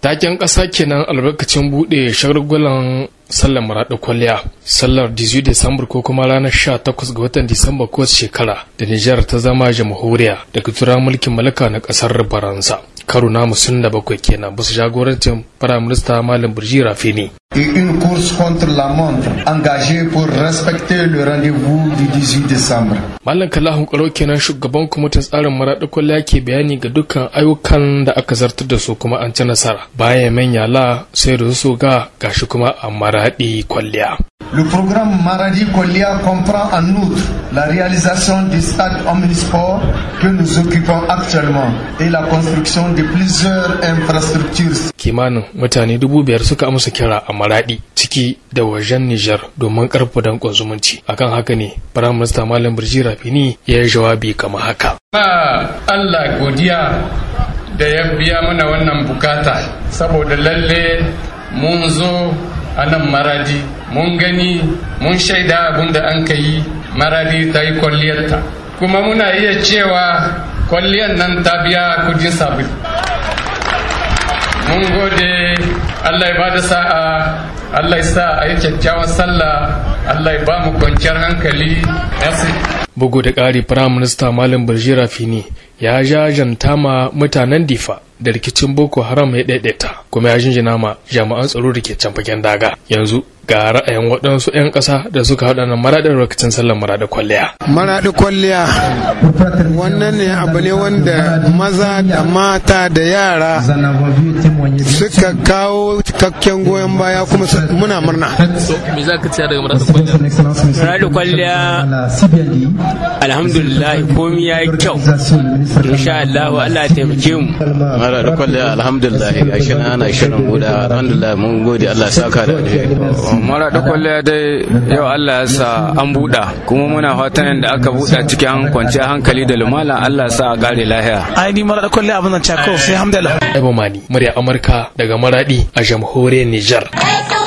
Taken ƙasa kenan albarkacin buɗe shagulgulan sallar maraɗa kwalliya sallar 18 Disambar ko kuma ranar 18 ga watan Disamba ko shekara da Nijar ta zama jamhuriya daga turan mulkin mallaka na ƙasar Faransa. karo na musun da bakwai kenan bisa jagorancin firaminista malam birji rafini et une course contre la montre engagée pour respecter le rendez-vous du 18 décembre. Malam Kalahun Karo kenan shugaban kwamitin tsarin maraɗi ya ke bayani ga dukkan ayyukan da aka zartar da su kuma an ci nasara. Bayan manya la sai da su ga gashi kuma a maraɗi kwalliya. Le programme Maradi Kwalliya comprend en outre la réalisation du stade Omnisport que nous occupons actuellement et la construction de plusieurs infrastructures. Kimanin mutane dubu biyar suka amsa kira a maraɗi ciki da wajen Nijar domin karfafa dankon zumunci. Akan haka ne, Firayim Minista Malam Birji Rafini ya yi jawabi kama haka. Ma Allah godiya da ya biya mana wannan bukata saboda lalle mun zo a maradi mun gani mun shaida abin da an ka yi maradi ta yi kwalliyarta kuma muna iya cewa kwalliyar nan ta biya kudin sabi mun gode allah ba da sa'a allah sa a yi kyakkyawan sallah allah ba mu kwanciyar hankali bugu da ƙari firayim minista malam birjira fini ya jajanta ma mutanen difa da rikicin boko haram ya daidaita kuma ya jinjina ma jami'an tsaro da ke can fagen daga yanzu ga ra'ayin waɗansu 'yan ƙasa da suka haɗa na maraɗin rikicin sallar maraɗa kwalliya. Maraɗa kwalliya wannan ne abu ne wanda maza da mata da yara suka kawo cikakken goyon baya kuma muna murna. Me za ka daga maraɗi kwalliya? Maraɗi kwalliya alhamdulillah komi ya yi kyau. Insha Allah Allah ya taimake mu. Maraɗa kwalliya alhamdulillah shi na ana shirin buɗa alhamdulillah mun gode Allah saka da alheri. maraɗa kwalliya dai yau Allah ya sa an buɗa kuma muna fatan da aka buɗa cikin kwanciyar hankali da lumala Allah ya sa a gare lahiya. Ai ni maraɗa kwalliya abin nan cako sai hamdala. Ebo murya Amurka daga maraɗi a jamhuriyar Nijar.